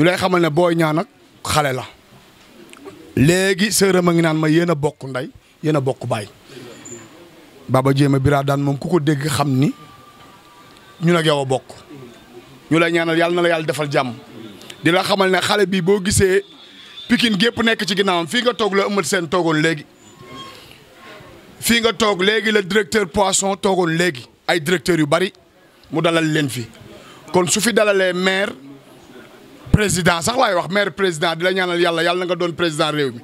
ñu lay xamal ne Boy Niang xale la léegi sërëm a ngi naan ma yéen a bokk nday yéen a bokk baay jéem a biraa daan moom ku ko dégg xam ni ñu ak yow a bokk ñu lay ñaanal yàlla na la yàlla defal jàmm di la xamal ne xale bi boo gisee Pikine gépp nekk ci ginnaawam fii nga toog la ëmmat seen toogoon léegi fii nga toog léegi la directeur poisson toogoon léegi ay directeurs yu bari mu dalal leen fi kon su fi dalalee maire président sax laay wax maire président di la ñaanal yàlla yàlla na nga doon président réew mi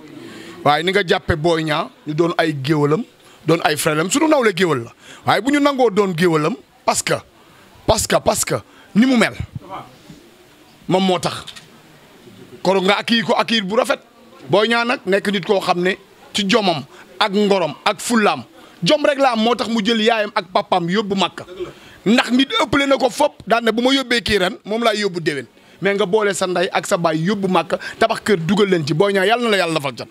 waaye ni nga jàppe booy ñaa ñu doon ay géwalam doon ay frèlam suñu nawle géwal la waaye bu ñu nangoo doon géwalam parce que parce que parce que ni mu mel moom moo tax koro nga akii ko akii bu rafet booy ñaa nag nekk nit koo xam ne ci jomam ak ngorom ak fullaam jom rek la am moo tax mu jël yaayam ak papaam yóbbu Makka ndax nit ëppale na ko fop daan bu ma yóbbee kii ren moom laay yóbbu déwén mais nga boole sa nday ak sa baay yóbbu màkk tabax kër dugal leen ci booy Niang yàlla na la yàlla lafal cat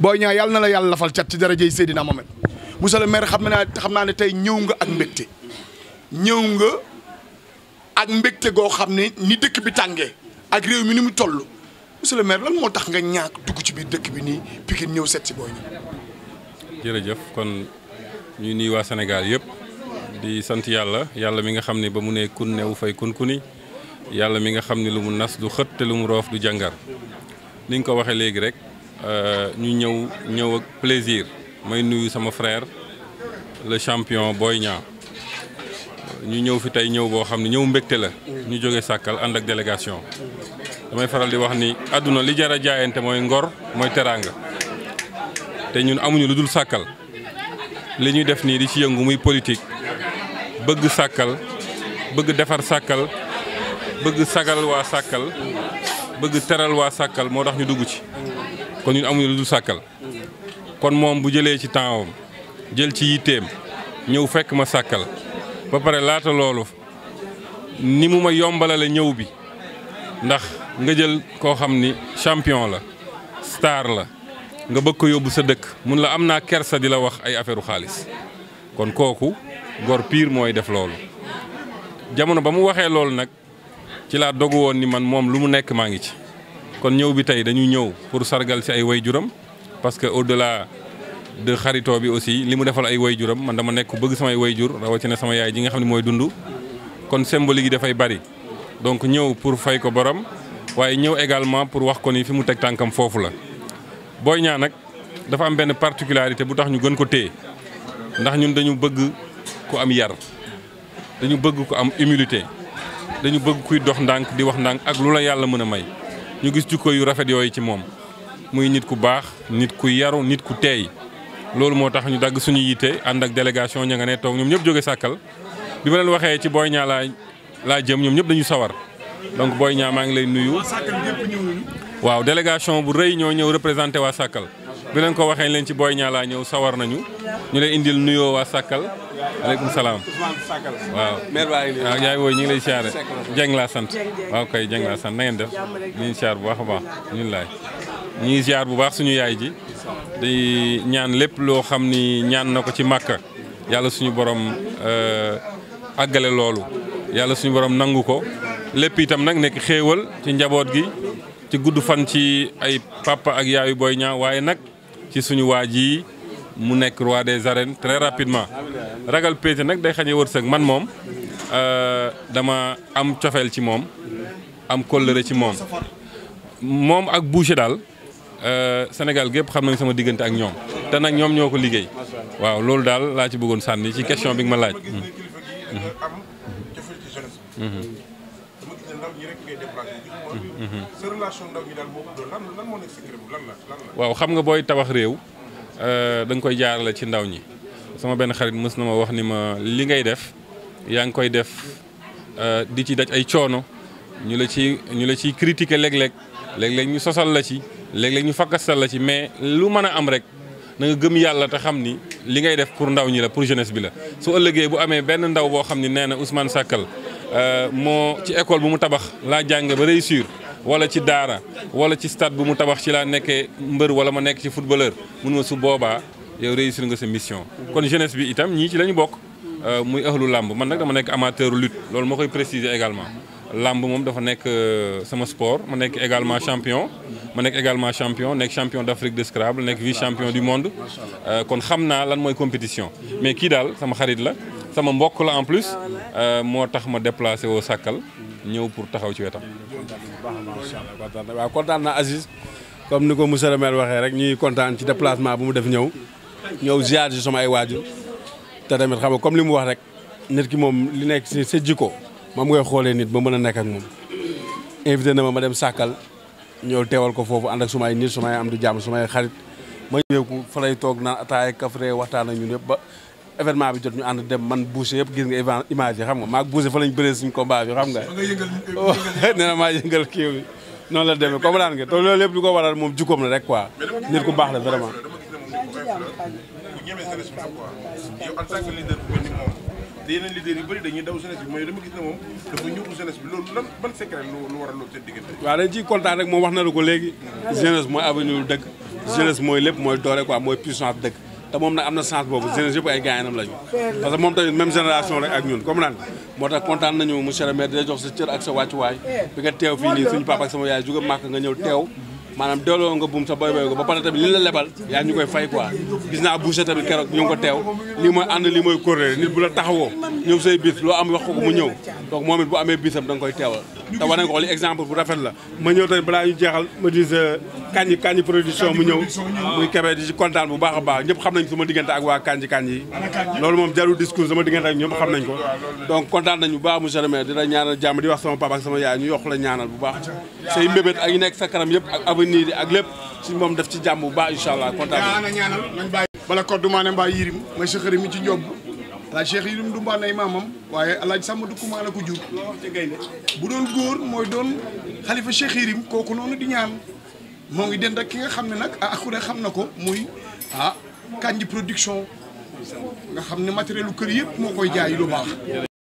Boy Niang yàlla na la yàlla lafal cat ci darajey Seydina Mohamed monsieur le maire xam naa xam naa ne tey ñëw nga ak mbégte ñëw nga ak mbégte goo xam ne ni dëkk bi tàngee ak réew mi mu toll monsieur le lan moo tax nga ñaak dugg ci biir dëkk bi nii Pikine ñëw seet si Boy Niang jërëjëf kon ñuy nuyu waa Sénégal yëpp di sant yàlla yàlla mi nga xam ne ba mu ne kun newu fay kun kuni yàlla mi nga xam ne lu mu nas du xët te lu mu roof du jàngar ni nga ko waxee léegi rek euh, ñu ñëw ñëw ak plaisir may nuyu sama frère le champion booy ñaa ñu ñëw fi tey ñëw boo xam ne ñëw mbégte la ñu jóge sàkkal ànd ak délégation damay faral di wax ni àdduna li jar a jaayante mooy ngor mooy teraang te ñun amuñu lu dul sàkkal li ñuy def nii di ci yëngu muy politique bëgg sàkkal bëgg defar sàkkal bëgg sagal waa sàkkal bëgg teral waa sàkkal moo tax ñu dugg ci kon ñun amuñu lu sàkkal kon moom bu jëlee ci tempsam jël ci yitteem ñëw fekk ma sàkkal ba pare laata loolu ni mu ma yombalale ñëw bi ndax nga jël koo xam ni champion la star la nga bëgg ko yóbbu sa dëkk mun la am naa kersa di la wax ay affaire xaalis kon kooku gor pire mooy def loolu jamono ba mu waxee loolu nag ci laa dogu woon ni man moom lu mu nekk maa ngi ci kon ñëw bi tey dañu ñëw pour sargal si ay waajuram parce que au-delà de xaritoo bi aussi li mu defal ay woy waajuram man dama nekk bëgg samay waajur rawatina sama yaay ji nga xam ne mooy dund kon symbolique yi dafay bari donc ñëw pour fay ko borom waaye ñëw également pour wax ko ni fi mu teg tànkam foofu la booy ñaa nag dafa am benn particularité bu tax ñu gën ko téye ndax ñun dañu bëgg ku am yar dañu bëgg ku am humilité dañu bëgg kuy dox ndànk di wax ndànk ak lu la yàlla mën a may ñu gis jikko yu rafet yooyu ci moom muy nit ku baax nit ku yaru nit ku teey loolu moo tax ñu dagg suñu yitte ànd ak délégation ña nga ne toog ñoom ñëpp jóge sàkkal bi ma leen waxee ci booy Niang laa jëm ñoom ñëpp dañu sawar donc booy ñaa maa ngi lay nuyu waaw délégation bu rëy ñoo ñëw représenté waa sàkkal bi leen ko waxee leen ci Boy Niang laa ñëw sawar nañu ñu lay indil nuyoo waa Sàkkal aleykum salaam waaw waaw ah, yaay wooyu ñu ngi lay siyaare Dieng laa sant waaw kay Dieng laa sant na ngeen def ñu ngi bu baax a baax ñun laay ñu ngi siyaar bu baax suñu yaay ji di ñaan lépp loo xam ni ñaan na ko ci màkk yàlla suñu borom euh, àggale loolu yàlla suñu borom nangu ko lépp itam nag nekk xéewal ci njaboot gi ci gudd fan ci ay papa ak yaayu Boy Niang waaye nag ci suñu waa ji mu nekk roi des arènes très rapidement ragal péete nag day xañee wërsëg man moom euh, dama am cofeel ci moom am kóllëre ci moom moom ak Boucher daal euh, Sénégal gépp xam nañ sama diggante ak ñoom te nag ñoom ñoo ko liggéey waaw loolu daal laa ci bëggoon sànni ci question bi nga ma laaj. sa relation ndaw waaw xam nga booy tabax réew euh, da nga koy jaarale ci ndaw ñi sama benn xarit mës na ma wax ni ma li ngay def yaa ngi koy def euh, di ci daj ay coono ñu la ci ñu la ciy critique léeg-léeg léeg-léeg ñu sosal la ci léeg-léeg ñu fakkasal la ci mais lu mën a am rek na nga gëm yàlla te xam ni li ngay def pour ndaw ñi la pour jeunesse bi la su ëllëgee bu amee benn ndaw boo xam ni nee na Ousmane Sakkal Euh, moo ci école bu mu tabax laa jànge ba réussir wala ci daara wala ci stade bi mu tabax ci laa nekkee mbër wala ma nekk ci footballeur mun ma su boobaa yow réussir nga sa mission. kon jeunesse bi itam ñii ci la ñu bokk. Euh, muy ëxlu làmb man nag dama nekk amateur lut loolu moo koy préciser également. làmb moom dafa nekk euh, sama sport ma nekk également champion. ma nekk également champion nekk champion d'Afrique de Scrabble nekk vice champion du monde. kon xam naa lan mooy compétition. mais kii daal sama la. sama mbokk la en plus euh, moo tax ma déplacé woo sàkkal ñëw pour taxaw ci wetam. waaw kontaan na Aziz comme ni ko monsieur le maire waxee rek ñuy kontaan ci déplacement bu mu def ñëw ñëw ziar si sama ay waajur te tamit xam nga comme li mu wax rek nit ki moom li nekk si sa jikko moom ngay xoolee nit ba mën a nekk ak moom invité na ma ma dem sàkkal ñëw teewal ko foofu ànd ak sumay nit su sumay am du jàmm sumay xarit ma ñëw fa lay toog naan ataaya kafre waxtaan ak ñun yëpp ba événement bi jot ñu ànd dem man boucher yëpp gis nga image yi xam nga maag boucher fa lañ bëree suñ combat yi xam nga oh, nee na maa yëngal kii bi la demee comme daan nga lépp li ko waral moom jukkoom la rek quoi nit ku baax la vraiment yeneen leader yu bëri dañuy daw a loolu seen diggante waaw kontaan rek moom wax na la ko léegi jeunesse mooy avenir dëkk jeunesse mooy lépp mooy doole quoi mooy puissance dëkk te moom nag am na chance boobu jeunesse yëpp ay gaañanam lañu parce que moom tamit même génération rek ak ñun comme naan moo tax kontaan nañu monsieur le maire di jox sa cër ak sa wàccuwaay bi nga teew fii nii suñu papa ak sama yaay jóge màkk nga ñëw teew maanaam delloo nga buum sa boy boy ko ba pare tamit li la lebal yaa ñu koy fay quoi gis naa boucher tamit keroog ñu ngi ko teew lii mooy ànd li mooy kóorle nit bu la taxawoo ñëw say biir loo am wax ko mu ñëw donc moom it bu amee bisam da nga koy teewal te wane nga ko li exemple bu rafet la ma ñëw tey balaa ñu jeexal ma dis kanji kanji production mu ñëw muy kebe di ci kontaan bu baax a baax ñëpp xam nañ su ma ak waa kanji kanji yi loolu moom jarul discours sama diggante ak xam nañ ko donc kontaan nañ bu baax monsieur le maire ñaanal jàmm di wax sama papa ak sama yaay ñu la ñaanal bu baax say mbébét ak yi nekk sa kanam yëpp ak avenir yi ak lépp si moom def ci jàmm bu baax incha allah kontaan nañ bala koddu maa ne mbaa yirim may sa xëri mi ci njob laaj Cheikh Yérim Ndumbaan ay maamam waaye alaaj Samba du kumaana ko jur bu doon góor mooy doon xalifa Cheikh Yérim kooku noonu di ñaan moo ngi dend ak ki nga xam ne nag ah ku ne xam na ko muy ah Kandji Production nga xam ne matériel kër yëpp moo koy jaay lu baax